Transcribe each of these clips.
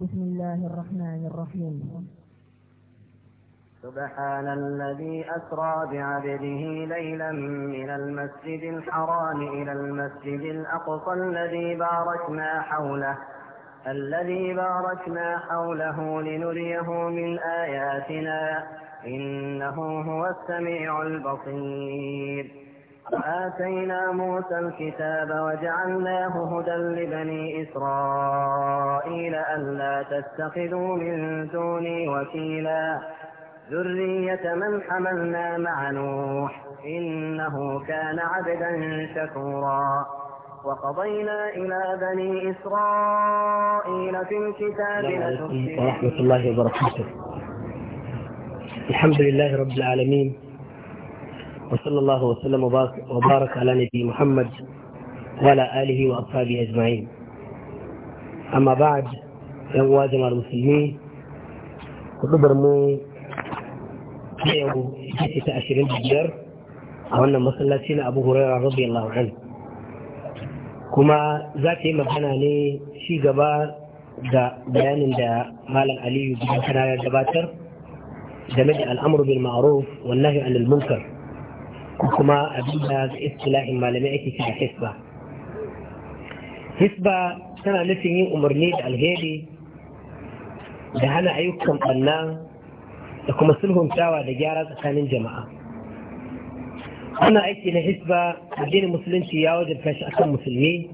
بسم الله الرحمن الرحيم سبحان الذي أسرى بعبده ليلا من المسجد الحرام إلى المسجد الأقصى الذي باركنا حوله الذي باركنا حوله لنريه من آياتنا إنه هو السميع البصير وآتينا موسى الكتاب وجعلناه هدى لبني إسرائيل ألا تتخذوا من دوني وكيلا ذرية من حملنا مع نوح إنه كان عبدا شكورا وقضينا إلى بني إسرائيل في الكتاب ورحمة الله وبركاته الحمد لله رب العالمين وصلى الله وسلم وبارك على نبي محمد وعلى آله وأصحابه أجمعين أما بعد يوم جماعة المسلمين kudubar mu ta yau ita ashirin da biyar a wannan masallaci abu hurairar radiyallahu an kuma zata yi magana ne shi gaba da bayanin da malam aliyu gidan kana ya gabatar game da al'amur bil ma'ruf wallahi anil munkar ko kuma abin da ga istilahin malamai ake kira hisba hisba tana nufin yin umarni da alheri da hana ayyukan banna, da kuma sulhuntawa da gyara tsakanin jama'a ana aiki na hisba addinin musulunci ya wajen shi akan musulmi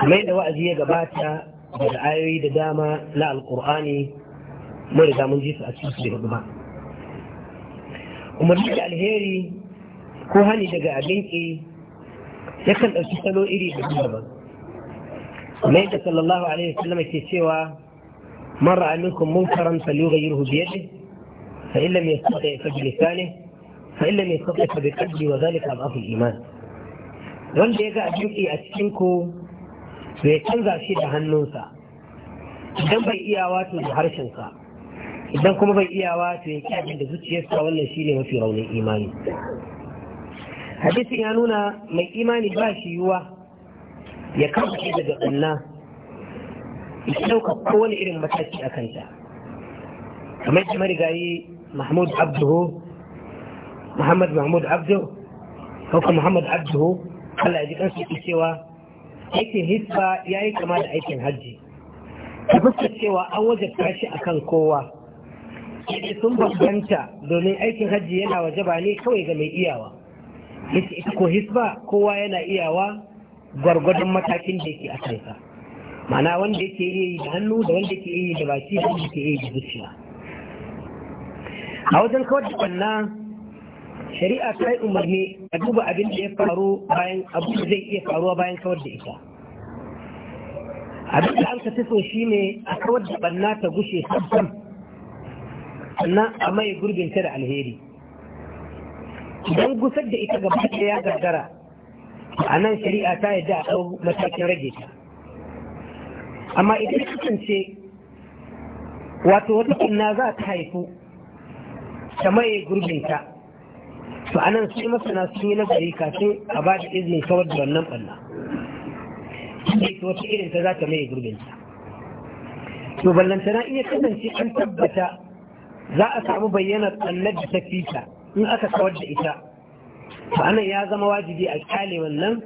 kamar da wa'azi ya gabata da ra'ayoyi da dama na alkur'ani mai da mun ji su a cikin su da umarni da alheri ko hani daga abinci ƙi yakan ɗauki salo iri da daban kamar yadda sallallahu alaihi wasallam ke cewa man ra'a minkum munkaran falyughayyirhu bi yadihi fa in lam yastati fa bi lisanihi fa in lam yastati fa bi qalbi wa dhalika adhafu al-iman wanda ya ga abinci a cikin ku bai canza shi da hannunsa idan bai iya wato da harshensa idan kuma bai iyawa to ya abin da zuciyarsa wannan shine mafi raunin imani hadisin ya nuna mai imani ba shi yiwuwa ya kama shi daga ƙunna ya ɗauka kowane irin mataki a kanta kamar shi marigayi mahmud abduhu muhammad mahmud abduhu kawai muhammad abduhu allah ya ji kansu ke cewa aikin hisba ya yi kama da aikin hajji ta fuska cewa an tashi a kan kowa sai sun babbanta domin aikin hajji yana wajaba ne kawai ga mai iyawa ko hisba kowa yana iyawa gwargwadon matakin da yake a kansa ma'ana wanda yake iya yi da hannu da wanda yake iya yi da baki da wanda yake iya yi da zuciya a wajen kawar da kwanna shari'a ta yi umarni a duba abin da ya faru bayan abu da zai iya faruwa bayan kawar da ita abin da an ka taso shi ne a kawar da kwanna ta gushe sabon sannan a mai gurbin ta da alheri idan gusar da ita gaba ɗaya ya gargara a nan shari'a ta yadda a ɗau matakin rage ta amma idan kance wato wata kunna za ta haifu ta maye gurbinta to a nan sai masana sun yi nazari kafin a ba da izinin kawar da wannan ɓanna sai wata irin ta za ta maye gurbinta to ballantana iya kasance an tabbata za a samu bayyanar ɓannar da ta fita in aka kawar da ita ma'anan ya zama wajibi a kyale wannan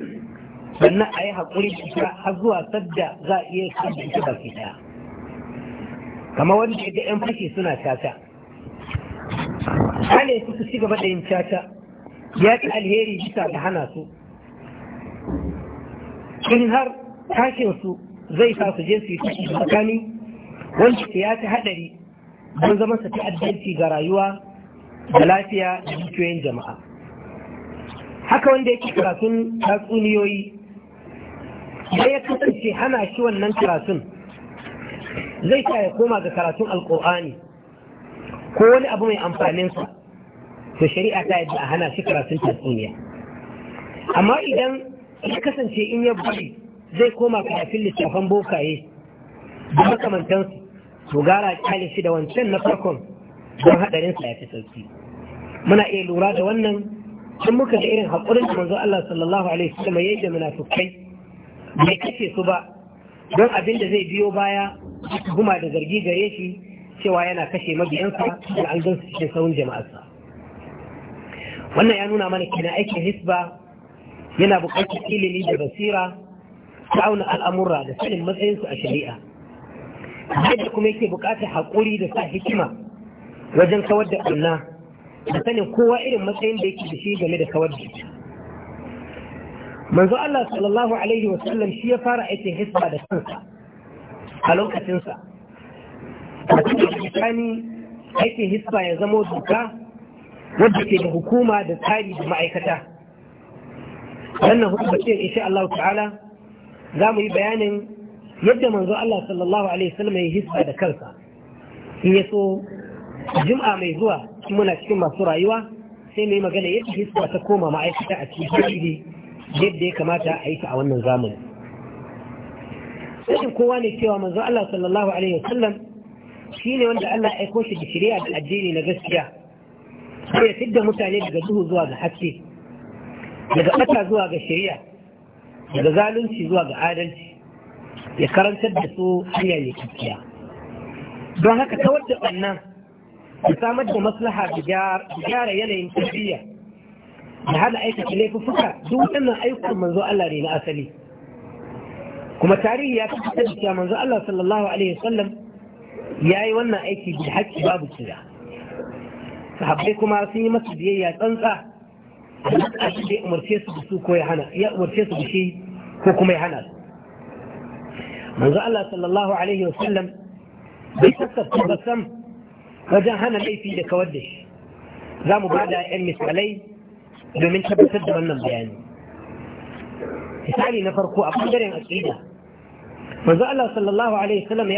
sannan a yi haƙuri da ita har zuwa sadda za a iya sadda ita baki ɗaya kamar wanda ya da 'yan fashe suna caca, kyale su su ci gaba da yin caca ya ci alheri bisa da hana su in har tashin su zai sa su je su yi tashi tsakani wanda ya ta haɗari don zama su ta'addanci ga rayuwa da lafiya da dukiyoyin jama'a haka wanda yake karatun tatsuniyoyi da ya kasance hana shi wannan karatun zai sa ya koma ga karatun alkur'ani ko wani abu mai amfaninsa to shari'a ta yadda a hana shi karatun tatsuniya amma idan ya kasance in ya bari zai koma karatun littafan bokaye da makamantansu to gara kyale shi da wancan na farkon don sa ya fi sauki muna iya lura da wannan tun muka da irin haƙurin da manzo Allah sallallahu alaihi wasallam yayi da munafikai bai kace su ba don abin da zai biyo baya guma da zargi gare shi cewa yana kashe mabiyansa da an gansu cikin sauran jama'arsa wannan ya nuna mana kina aikin hisba yana buƙatar ilimi da basira ta auna al'amura da sanin matsayinsu a shari'a yadda kuma yake buƙatar haƙuri da sa hikima wajen kawar da ɓarna da sanin kowa irin matsayin da yake da shi game da kawar da ita manzo Allah sallallahu alaihi wa sallam shi ya fara aikin hisba da kansa a lokacinsa a cikin tsani aikin hisba ya zama doka wadda ke da hukuma da tsari da ma'aikata wannan hukumacin insha Allah ta'ala za mu yi bayanin yadda manzo Allah sallallahu alaihi wasallam ya hisba da kansa in ya so jum'a mai zuwa muna cikin masu rayuwa sai mai magana yadda hisba ta koma ma'aikata a cikin hajji yadda ya kamata a yi a wannan zamani Sashen kowa ne cewa manzo Allah sallallahu alaihi wasallam shi ne wanda Allah ya aiko shi da shari'a da addini na gaskiya sai ya fidda mutane daga duhu zuwa ga haske daga ɓata zuwa ga shari'a daga zalunci zuwa ga adalci ya karantar da su hanya ya gaskiya don haka kawar da wannan. da samar da maslaha da gyara yanayin tarbiyya da hana aikata laifuffuka duk waɗannan ayyukan manzo Allah ne na asali kuma tarihi ya tabbatar da cewa manzo Allah sallallahu alaihi wasallam ya yi wannan aiki bil haqqi babu kira sahabbai kuma sun yi masa biyayya tsantsa da duk abin ya umarce su da su ko ya hana ya umarce su da shi ko kuma ya hana manzo Allah sallallahu alaihi wasallam bai kasafta ba sam wajen hana laifi da kawar da shi za mu bada 'yan misalai domin tabbatar da wannan bayani misali na farko a ɓangaren aƙida manzo Allah sallallahu alaihi wasallam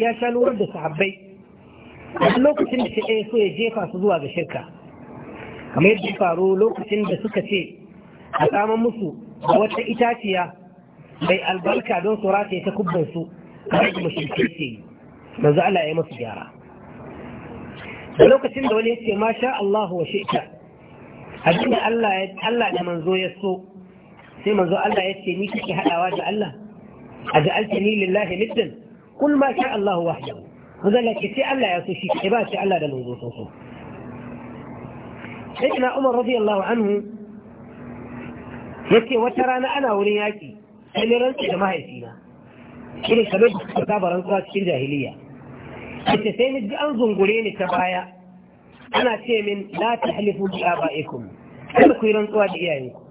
ya sha lura da sahabbai a lokacin da shi ɗaya so ya jefa su zuwa ga shirka kamar yadda ya faru lokacin da suka ce a saman musu wata itaciya mai albarka don su rataye ta kubbansu kamar da mashirkai ce manzo Allah ya masu gyara da lokacin da wani ya ce masha Allah wa shi'ta abinda Allah da manzo ya so sai manzo Allah ya ce ni kake hadawa da Allah a ja'altani lillahi niddan kul ma sha Allah wahdahu mazalla ke sai Allah ya so shi ke ba sai Allah da manzo so so sayyidina Umar radiyallahu anhu yace wata rana ana wurin yaki sai rantsi da mahaifina irin kamar da suka saba rantsuwa cikin jahiliya ita sai ni ji an zungure ni ta baya ana ce min la tahlifu bi aba'ikum kada ku yi rantsuwa da iyayenku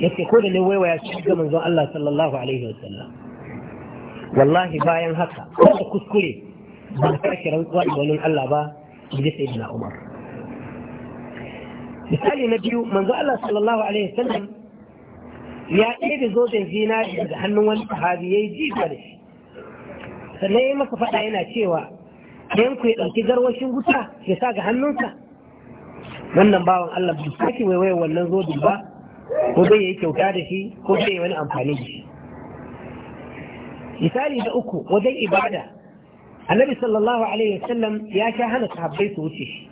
yace ko da ne waiwaya shi ga manzon Allah sallallahu alaihi wasallam wallahi bayan haka ko kuskure ba ta ki rantsuwa da wani Allah ba ji sayyidina Umar misali na biyu manzo Allah sallallahu alaihi wasallam ya ɗaya da zoben zinari daga hannun wani sahabi yayi jifa da shi sannan ya masa faɗa yana cewa 'Yan ku ya ɗauki garwashin wuta ya sa ga hannunsa wannan bawan Allah bai sake waiwaye wannan zo ba ko zai yi kyauta da shi ko zai yi wani amfani da shi misali da uku wajen ibada annabi sallallahu alaihi wasallam ya sha hana sahabbai su wuce shi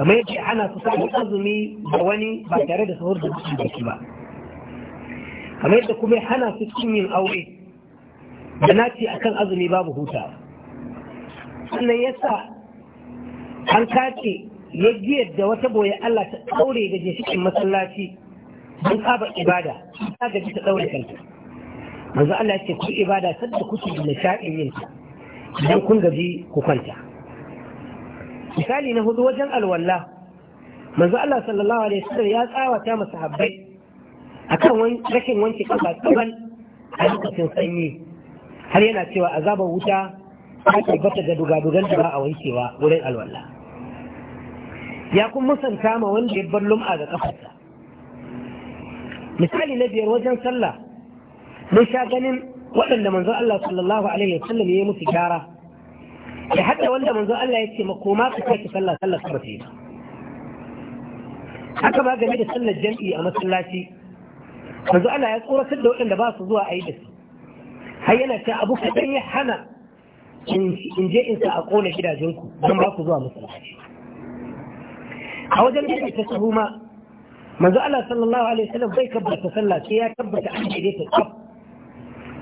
kamar yadda hana su samun azumi da wani ba tare da sahur da mutum da ba kamar yadda kuma hana su cin yin aure da naci akan azumi babu huta sannan yasa an kace ya giyar da wata boye Allah ta daure ga jishikin masallaci don kaba ibada ta gaji ta daure kanta manzo Allah ce ku ibada sadda kuke da nishaɗin yin ta idan kun gaji ku kwanta misali na hudu wajen alwallah manzo Allah sallallahu alaihi wasallam ya tsawata masahabbai akan rashin wanke kafa tsaban a lokacin sanyi har yana cewa azabar wuta ta tabbata ga dugadugan da ba a wankewa wurin alwala ya kun musanta ma wanda ya bar lum'a ga kafarsa misali na biyar wajen sallah mun sha ganin waɗanda manzo Allah sallallahu alaihi wa sallam ya yi musu gyara ya hatta wanda manzo Allah ya ce ma makoma ka kai sallah sallah ka bace haka ba game da sallar jam'i a masallaci manzo Allah ya tsoratar da waɗanda ba su zuwa a yi da su har yana ta abu kaɗan ya hana in je in sa a ƙona gidajenku don ba ku zuwa masallaci a wajen da ta sahu ma manzo Allah sallallahu alaihi wasallam bai kabbata sallah sai ya tabbata an daidai ta tsaf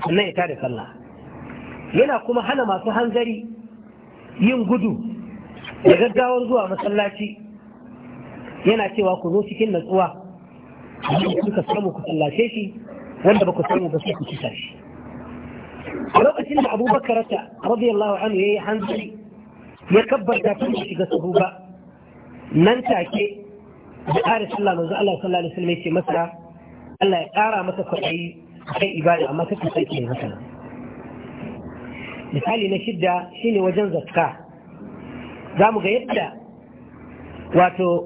sannan ya da sallah yana kuma hana masu hanzari yin gudu da gaggawar zuwa masallaci yana cewa ku zo cikin natsuwa kuka samu ku sallace shi wanda ba ku samu ba sai ku ci shi lokacin da abu bakarata radiyallahu anhu ya yi ya tun da shiga sahu ba nan take da ƙara sallah manzo Allah sallallahu alaihi wasallam ya ce masa Allah ya ƙara masa kai ibada amma kake haka misali na shidda shine wajen zakka za mu ga yadda wato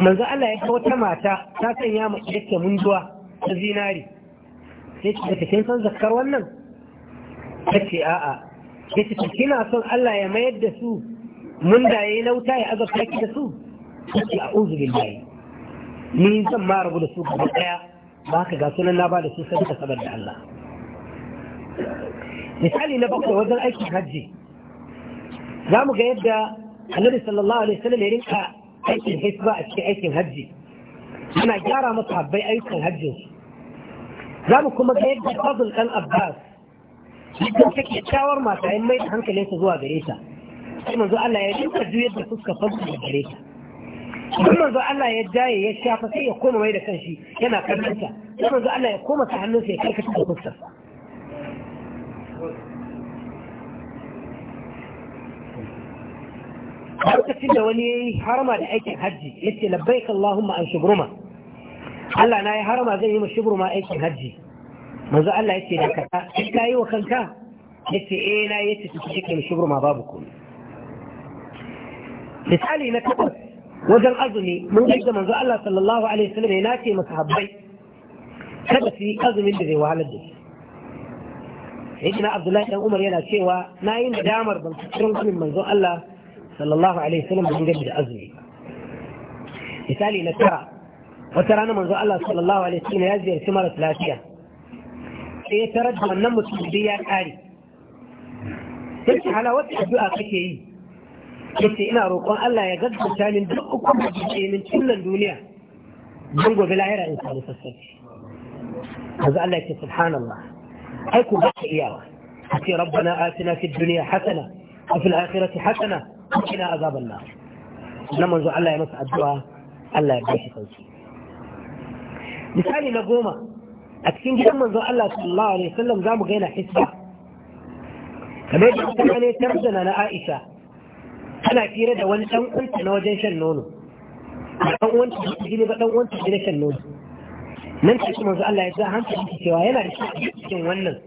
manzo Allah ya wata mata ta sanya mu yake munduwa ta zinari sai ki san zakkar wannan ta ce a'a ya ce kina son Allah ya mayar da su mun da ya yi nauta ya azabta ki da su ta ce a'udhu billahi ni zan ma rabu da su gaba daya ba ka ga sunan na ba da su sadaka saboda Allah misali na bakwai wajen aikin hajji za mu ga yadda annabi sallallahu alaihi wasallam ya rinka aikin hisba a cikin aikin hajji ana gyara masa habbai aikin hajjin za mu kuma ga yadda fadl dan abbas dukkan ta kyakkyawar mata yin mai da su zuwa gare ta sai manzo Allah ya dinka juyar da fuska fanta da gare ta idan manzo Allah ya jaye ya shafa sai ya koma mai da kanshi yana kallon ta sai manzo Allah ya koma ta hannunsa ya karkata da fuskar lokacin da wani ya yi harama da aikin hajji ya ce labbaik Allahumma an shubruma Allah na ya harma zai yi ma shubruma aikin hajji manzo Allah yace da kaza in ka yi wa kanka yace eh na yace su cikin shugru ma babu komai misali na takwas wajen azumi mun ga manzo Allah sallallahu alaihi wasallam yana ce masahabbai kada su yi azumin da zai wahalar da su sayyidina Abdullahi dan Umar yana cewa na yi nadamar ban cikin gumin manzo Allah sallallahu alaihi wasallam ban gaji da azumi misali na tara wata rana manzo Allah sallallahu alaihi wasallam ya ziyarci mara lafiya da ya tarar da wannan mutum dai ya kare yake hala addu'a kake yi yace ina roƙon Allah ya gaggauta min duk ukun da ke min cikin duniya don gobe lahira in samu sassauci kaza Allah yake subhanallah ai ku ba ka iyawa ce rabbana atina fid duniya hasana wa fil akhirati hasana wa qina azaban na nan manzo Allah ya masa addu'a Allah ya bashi sauki misali na goma a cikin gidan manzon Allah sallallahu alaihi wasallam za mu ga yana hisba kamar da kuma ne tarzana na Aisha tana fira da wani dan uwanta na wajen shan nono dan uwanta da jini ba dan uwanta da shan nono nan take manzo Allah ya ja hankali cewa yana da shi cikin wannan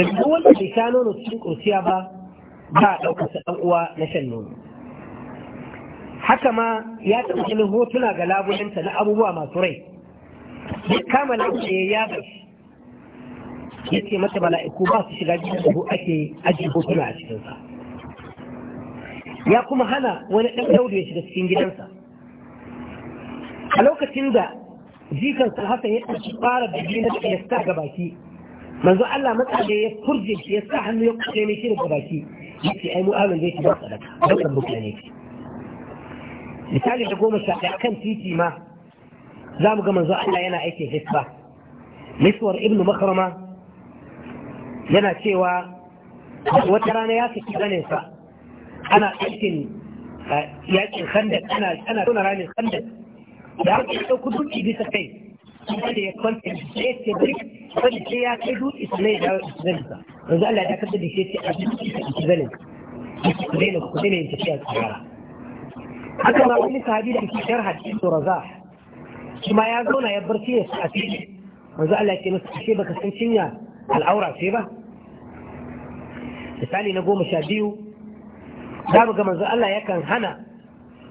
da duk wanda bai sha nono cikin kurciya ba ba a ɗaukar sa dan uwa na shan nono haka ma ya taɓa ganin hotuna ga labulanta na abubuwa masu rai ya kama lafiya ya yaba ya ce mata mala'iku ba su shiga jikin da ake ajiye hotuna a cikinsa ya kuma hana wani ɗan daudu ya shiga cikin gidansa a lokacin da jikan Hassan ya ɗauki fara da gina da ya sa ga baki manzo Allah matsaje ya furje shi ya sa hannu ya kusa ne shi da ya ce ai mu'amin zai ci sadaka dan mutane misali da goma sha ɗaya kan titi ma za mu ga manzo Allah yana aikin hisba miswar ibnu Makarama yana cewa wata rana ya saki ganinsa ana aikin yakin khandak ana ana tona ramin khandak da aka yi ɗauki dutse bisa kai wanda ya kwanta da ya ce bari wanda sai ya kai dutse sannan ya dawo ikizalinsa yanzu Allah ya kasar da shi ce a dutse ka ikizalinsa ku daina ku daina yin tafiya tsara haka ma wani sahabi da ke shar hadisi razah shi ma ya zauna ya barci ya a fili manzo Allah ya ce masa ashe baka san cinya al'aura ce ba misali na goma sha biyu za mu ga manzo Allah yakan hana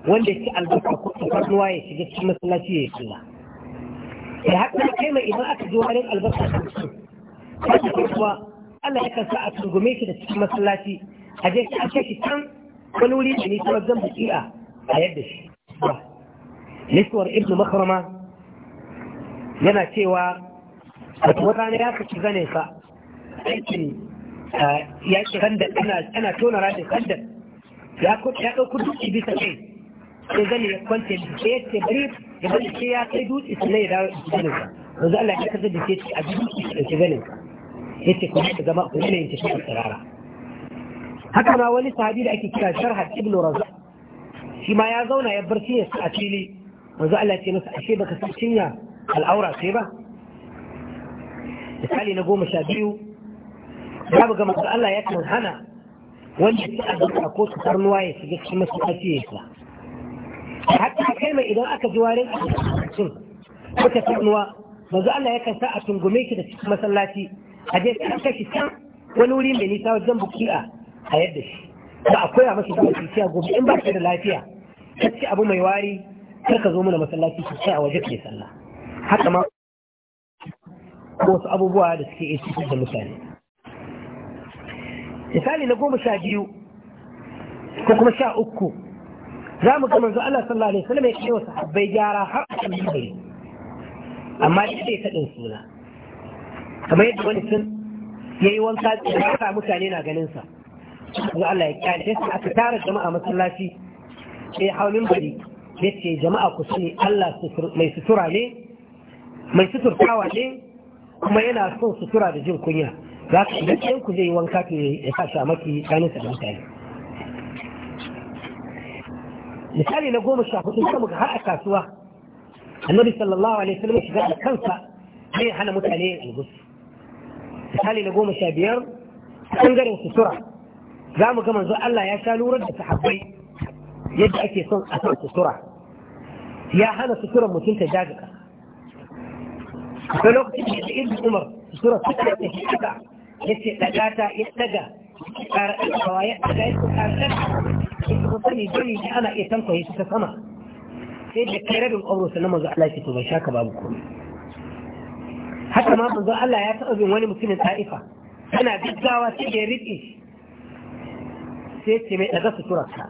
wanda ya ci albasa ko tafarnuwa ya shiga cikin masallaci ya yi sallah da haka kai mai idan aka zo wurin albasa ta ce kuwa Allah yakan sa a tungume shi da cikin masallaci a je a ce shi can wani wuri da ni kuma zan buƙi'a a yadda shi nisuwar ibnu makarama yana cewa wata rana ya kaci zane sa aikin ya ce kandar ana tona rashin kandar ya ɗauku dutse bisa kai sai zane ya kwance sai ya ce bari ya bari sai ya kai dutse su ne ya dawo zanen ka yanzu Allah ya kasar da ce a ji dutse su ɗauki zanen ka ya ce kuma ta zama kuma yanayin tafiya tsirara haka ma wani sahabi da ake kira sharhat ibn razak shi ma ya zauna ya bar cinya a fili yanzu Allah ya ce masa ashe baka san cinya al'aura sai ba misali na goma sha biyu babu ga masu Allah ya kan hana wanda ya ci a ko su karnuwa ya shiga cikin masu ya sa hatta kai mai idan aka ji warin cikin ko ta karnuwa manzo Allah ya kan sa a tungume da cikin masallaci a je a kashi can wani wuri mai nisa wajen buki'a a yadda shi ba a koya masa da lafiya gobe in ba ka da lafiya ka ci abu mai wari kar ka zo mana masallaci sosai a waje ke sallah haka ma wasu abubuwa da suke iya cikin da mutane misali na goma sha biyu ko kuma sha uku za mu ga manzo Allah sallallahu alaihi wasallam ya ce wa sahabbai gyara har a kan yi amma duk da taɗin suna kamar yadda wani sun ya yi wanka da mutane na ganin sa ga Allah ya kyale sai aka tara jama'a masallaci sai haulin bari ya ce jama'a ku sani Allah mai sutura ne mai suturtawa ne kuma yana son sutura da jin kunya za ka idan ɗayan ku zai wanka ke ya sa shi a maki sa da mutane misali na goma sha hudu kuma har a kasuwa annabi sallallahu alaihi wasallam shiga da kansa zai hana mutane yin albus misali na goma sha biyar ɓangaren sutura za mu ga manzo Allah ya sha lura da sahabbai yadda ake son a son sutura ya hana suturar mutum ta jaga akwai lokacin da ya ibi umar sura ta ta shi haka ya ce daga ta ya daga ƙara ɗaga ya daga ya ƙara ɗaga ya ta sani dole ne ana iya tankwaye shi ta sama sai da kai rabin ƙwaro sannan manzo Allah ya to ban shaka babu komai haka ma manzo Allah ya taɓa bin wani mutumin ta'ifa ana gaggawa sai da ya riƙe sai ce mai daga suturarka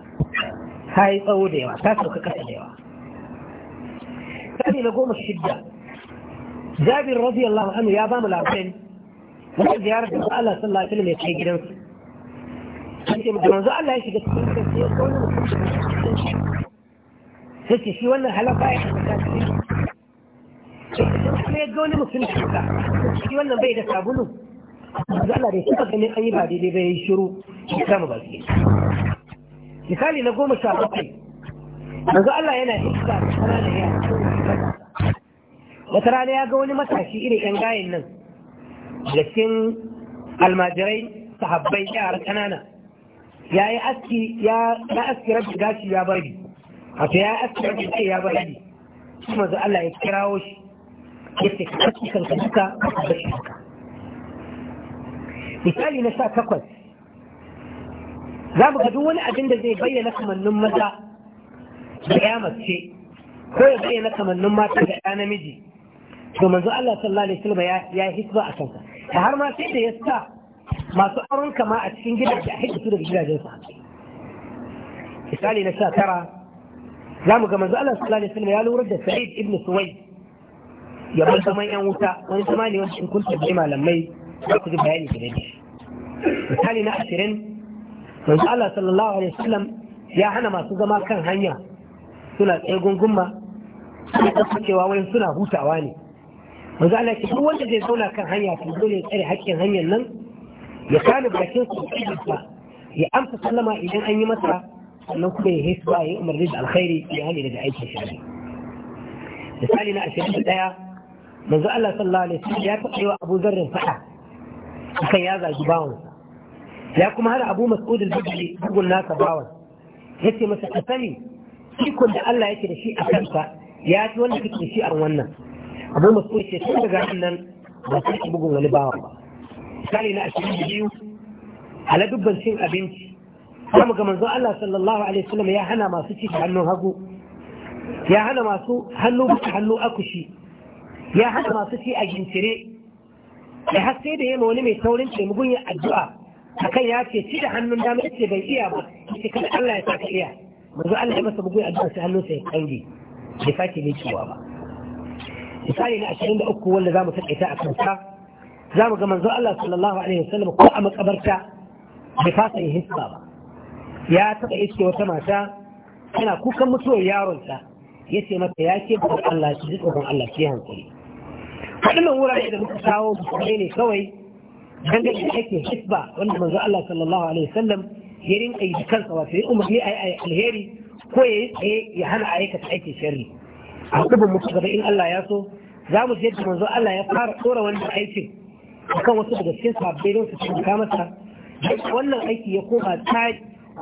ta yi tsawo da yawa ta sauka ƙasa da yawa. Sani na goma shidda jabir radiyallahu anhu ya bamu mu labarin wata ziyarar da Allah sallallahu alaihi wasallam ya kai gidan an ce da manzo Allah ya shiga cikin sai ya kawo sai shi wannan halaka ya sai ga wani mutum shuka shi wannan bai da sabulu manzo Allah da suka gani an yi ba daidai bai yi shiru ya kama baki misali na goma sha bakwai manzo Allah yana iska kana da yaya wata rana ya ga wani matashi irin yan gayen nan da cikin almajirai sahabbai yara kanana ya yi aski ya aski rabin gashi ya bari wato ya yi aski rabbi kai ya bari kuma manzo Allah ya kirawo shi ya ce ka aski kanka duka ka bashi duka'! misali na sha takwas za mu ga duk wani abin da zai bayyana kamannin maza da ya mace ko ya bayyana kamannin mata da ya namiji to manzo Allah sallallahu alaihi wasallam ya yi hisba a kansa Ta har ma sai da ya sa masu auren kama a cikin gidaje a hidda su daga gidajen sa misali na sha tara za ga manzo Allah sallallahu alaihi wasallam ya lura da Sa'id ibn Suwayd ya bar zaman yan wuta wani zama ne wanda in kun tambayi malamai za ku ji bayani da da misali na ashirin manzo Allah sallallahu alaihi wasallam ya hana masu zama kan hanya suna tsaye gungumma suna kasancewa wani suna hutawa ne manzo Allah ce duk wanda zai zauna kan hanya to dole ya tsare haƙƙin hanyar nan ya kare bakin su da ya amsa sallama idan an yi masa sannan kuma ya hisu ba ya umarni da alkhairi ya hali daga aikin shari'a misali na ashirin da ɗaya manzo Allah sallallahu alaihi ya taɓa yi wa Abu Zarrin faɗa akan yazagi zagi bawansa ya kuma hana Abu Mas'ud al-Badri bugun nasa bawan yace masa ka sani ikon da Allah yake da shi a kansa ya fi wanda kake da shi a wannan abu masu ce sun daga nan ba su yi bugun wani bawa ba misali na ashirin da biyu a ladubban cin abinci kuma ga manzo Allah sallallahu alaihi wasallam ya hana masu ci da hannun hagu ya hana masu hannu bisa hannu akushi ya hana masu ci a gintire da har sai da yamma wani mai saurin taimakon ya addu'a akan ya ce ci da hannun dama ce bai iya ba ce kada Allah ya saka iya manzo Allah ya masa bugun addu'a sai hannunsa ya kange bai sake ciwa ba misali na uku wanda zamu takaita a kansa zamu ga manzo Allah sallallahu alaihi wasallam ko a makabarta bai fasa yin hisba ba ya taba iske wata mata tana kukan mutuwar yaronta ya ce mata ya ke bukan Allah ki ji tsoron Allah ki hankali waɗannan wurare da muka kawo musulmai ne kawai dangane da ake hisba wanda manzo Allah sallallahu alaihi wasallam ya rinka yi kansa wato ya umarni a alheri ko ya yi ya hana aikata aikin sharri a dubin mutu gaba in Allah ya so za mu je yadda manzo Allah ya fara tsora wannan aikin akan wasu daga cikin sabbai don su taimaka masa wannan aiki ya koma ta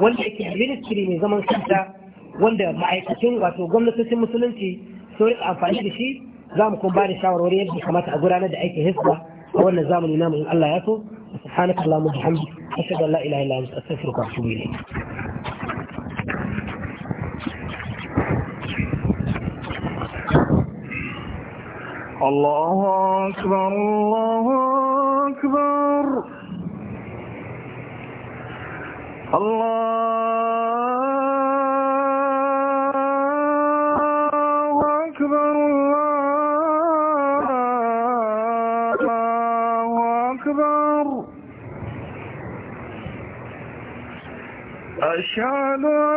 wanda yake ministry mai zaman kanta wanda ma'aikacin wato gwamnatocin musulunci sun rika amfani da shi za mu kuma ba da shawarwari yadda kamata a gudanar da aikin hisba a wannan zamani namu in Allah ya so subhanaka allahumma a ashhadu an la ilaha illa anta astaghfiruka wa atubu الله أكبر الله أكبر الله أكبر الله أكبر أشهد أن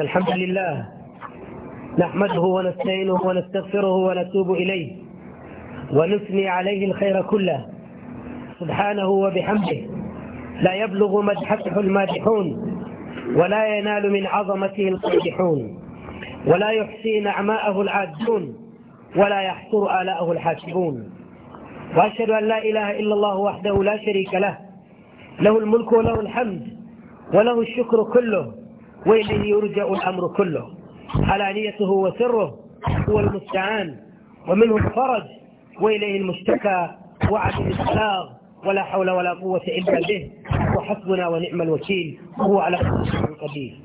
إن الحمد لله نحمده ونستعينه ونستغفره ونتوب إليه ونثني عليه الخير كله سبحانه وبحمده لا يبلغ مدحته المادحون ولا ينال من عظمته القادحون ولا يحصي نعماءه العادون ولا يحصر آلاءه الحاسبون وأشهد أن لا إله إلا الله وحده لا شريك له له الملك وله الحمد وله الشكر كله وإليه يرجع الأمر كله علانيته وسره هو المستعان ومنه الفرج وإليه المشتكى وعدم الإسلام ولا حول ولا قوة إلا به وحسبنا ونعم الوكيل هو على كل شيء قدير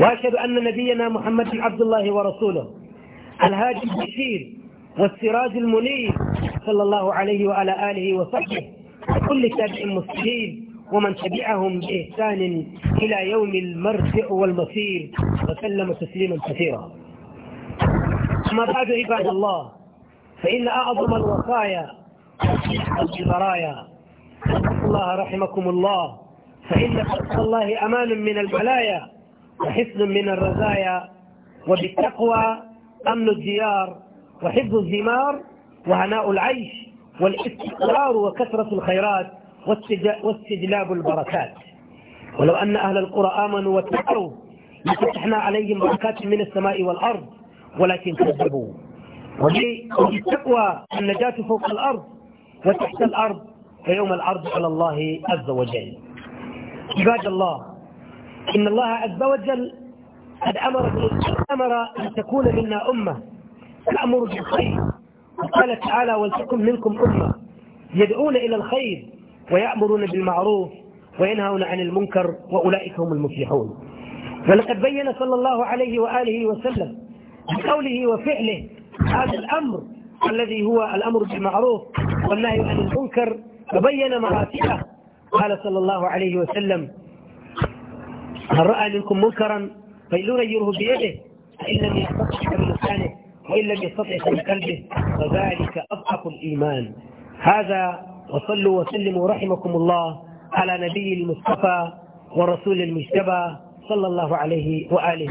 وأشهد أن نبينا محمد عبد الله ورسوله الهادي الكثير والسراج المنير صلى الله عليه وعلى آله وصحبه وكل تابع مسلمين ومن تبعهم بإحسان إلى يوم المرجع والمصير وسلم تسليما كثيرا أما بعد عباد الله فإن أعظم الوصايا البرايا الله رحمكم الله فإن حق الله أمان من البلايا وحصن من الرزايا وبالتقوى أمن الديار وحفظ الزمار وهناء العيش والاستقرار وكثرة الخيرات واستجلاب البركات ولو أن أهل القرى آمنوا واتقوا لفتحنا عليهم بركات من السماء والأرض ولكن كذبوا وبالتقوى النجاة فوق الأرض وتحت الأرض فيوم العرض على الله عز وجل عباد الله إن الله عز وجل قد أمر, أمر أن تكون منا أمة تأمر بالخير وقال تعالى ولتكن منكم أمة يدعون إلى الخير ويأمرون بالمعروف وينهون عن المنكر وأولئك هم المفلحون ولقد بين صلى الله عليه وآله وسلم بقوله وفعله هذا الأمر الذي هو الأمر بالمعروف والنهي عن المنكر فبين مراتبه قال صلى الله عليه وسلم من رأى منكم منكرا فليغيره بيده فإن لم يستطع بلسانه وإن لم يستطع بقلبه فذلك اضحك الإيمان هذا وصلوا وسلموا رحمكم الله على نبي المصطفى ورسول المجتبى صلى الله عليه وآله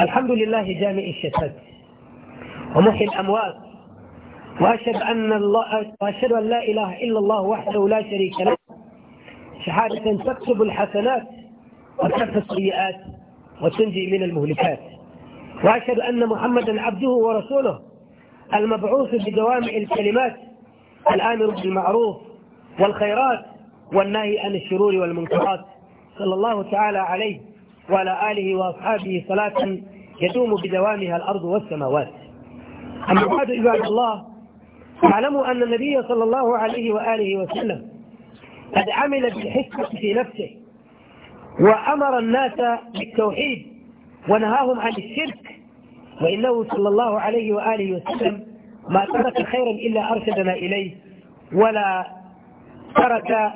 الحمد لله جامع الشتات ومحي الأموات وأشهد أن, الله وأشهد أن لا إله إلا الله وحده لا شريك له شهادة تكتب الحسنات وكف السيئات وتنجي من المهلكات وأشهد أن محمدا عبده ورسوله المبعوث بجوامع الكلمات الآمر بالمعروف والخيرات والنهي عن الشرور والمنكرات صلى الله تعالى عليه وعلى آله وأصحابه صلاة يدوم بدوامها الأرض والسماوات أما بعد عباد الله اعلموا أن النبي صلى الله عليه وآله وسلم قد عمل بالحكمة في نفسه وأمر الناس بالتوحيد ونهاهم عن الشرك وإنه صلى الله عليه وآله وسلم ما ترك خيرا إلا أرشدنا إليه ولا ترك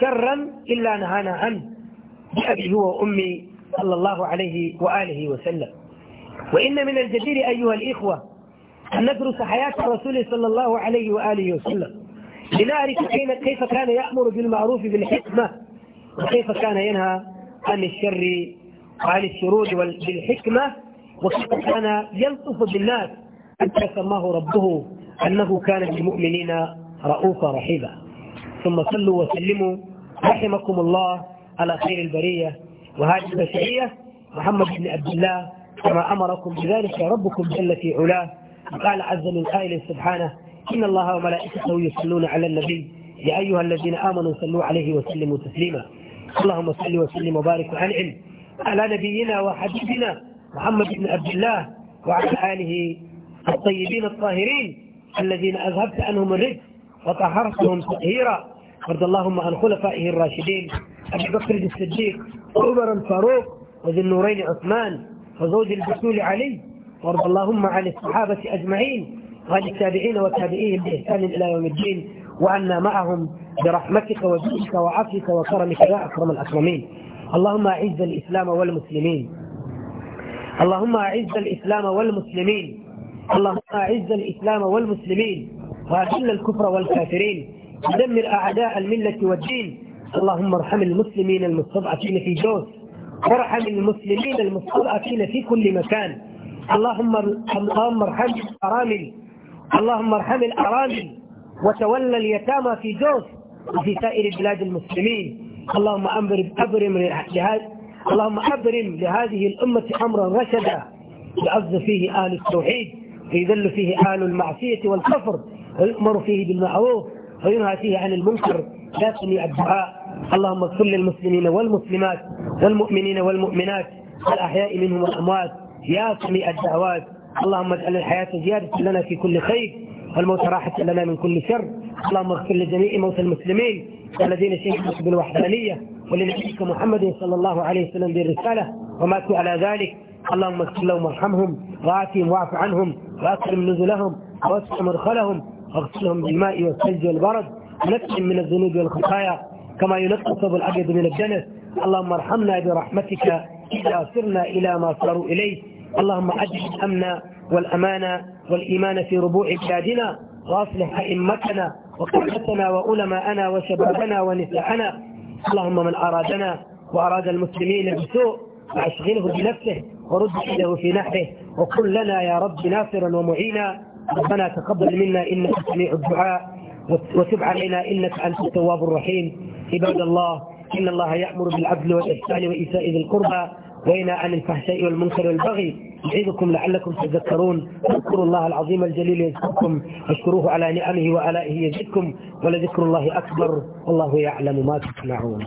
شرا إلا نهانا عنه بأبي هو وأمي صلى الله عليه وآله وسلم وإن من الجدير أيها الإخوة أن ندرس حياة الرسول صلى الله عليه وآله وسلم لنعرف كيف كان يأمر بالمعروف بالحكمة وكيف كان ينهى عن الشر وعن الشرور بالحكمة وكيف كان يلطف بالناس حتى سماه ربه أنه كان بالمؤمنين رؤوفا رحيما ثم صلوا وسلموا رحمكم الله على خير البرية وهذه البشرية محمد بن عبد الله كما أمركم بذلك ربكم جل في علاه قال عز من قائل سبحانه إن الله وملائكته يصلون على النبي يا أيها الذين آمنوا صلوا عليه وسلموا تسليما اللهم صل وسلم وبارك وانعم على نبينا وحبيبنا محمد بن عبد الله وعلى آله الطيبين الطاهرين الذين أذهبت عنهم الرزق وطهرتهم تطهيرا وارض اللهم عن خلفائه الراشدين أبي بكر الصديق وعمر الفاروق وذي النورين عثمان وزوج البسول علي وارض اللهم عن الصحابة أجمعين وعن التابعين وتابعيهم بإحسان إلى يوم الدين وعنا معهم برحمتك وجودك وعفوك وكرمك يا أكرم الأكرمين اللهم أعز الإسلام والمسلمين اللهم أعز الإسلام والمسلمين اللهم أعز الإسلام والمسلمين وأذل الكفر والكافرين ودمر أعداء الملة والدين اللهم ارحم المسلمين المستضعفين في جوز وارحم المسلمين المستضعفين في كل مكان اللهم ارحم الأرامل اللهم ارحم الأرامل وتولى اليتامى في جوز وفي سائر بلاد المسلمين اللهم أبرم لهذا اللهم أبرم لهذه الأمة أمرا رشدا يعز فيه أهل التوحيد ويذل فيه أهل المعصية والكفر ويؤمر فيه بالمعروف وينهى فيه عن المنكر لا تنيع الدعاء اللهم اغفر للمسلمين والمسلمات والمؤمنين والمؤمنات الأحياء منهم والأموات يا سميع الدعوات اللهم اجعل الحياة زيادة لنا في كل خير والموت راحة لنا من كل شر اللهم اغفر لجميع موتى المسلمين الذين شهدوا بالوحدانية ولنبيك محمد صلى الله عليه وسلم بالرسالة وماتوا على ذلك اللهم اغفر لهم وارحمهم وآتهم واعف عنهم وأكرم نزلهم وأسع مدخلهم واغسلهم بالماء والثلج والبرد ونقهم من الذنوب والخطايا كما ينقى الثوب الأبيض من الدنس اللهم ارحمنا برحمتك إذا صرنا إلى ما صاروا إليه اللهم أجل الأمن والأمان والإيمان في ربوع بلادنا واصلح أئمتنا وقرتنا وعلماءنا وشبابنا ونساءنا اللهم من أرادنا وأراد المسلمين بسوء فأشغله بنفسه ورد يده في نحره وكن لنا يا رب ناصرا ومعينا ربنا تقبل منا إنك سميع الدعاء وتب علينا إنك أنت التواب الرحيم عباد الله إن الله يأمر بالعدل والإحسان وإيتاء ذي القربى وينهى عن الفحشاء والمنكر والبغي يعظكم لعلكم تذكرون اذكروا الله العظيم الجليل يذكركم اشكروه على نعمه وآلائه يزدكم ولذكر الله أكبر الله يعلم ما تصنعون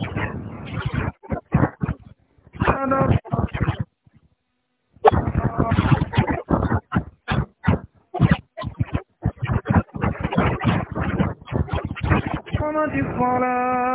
الصلاة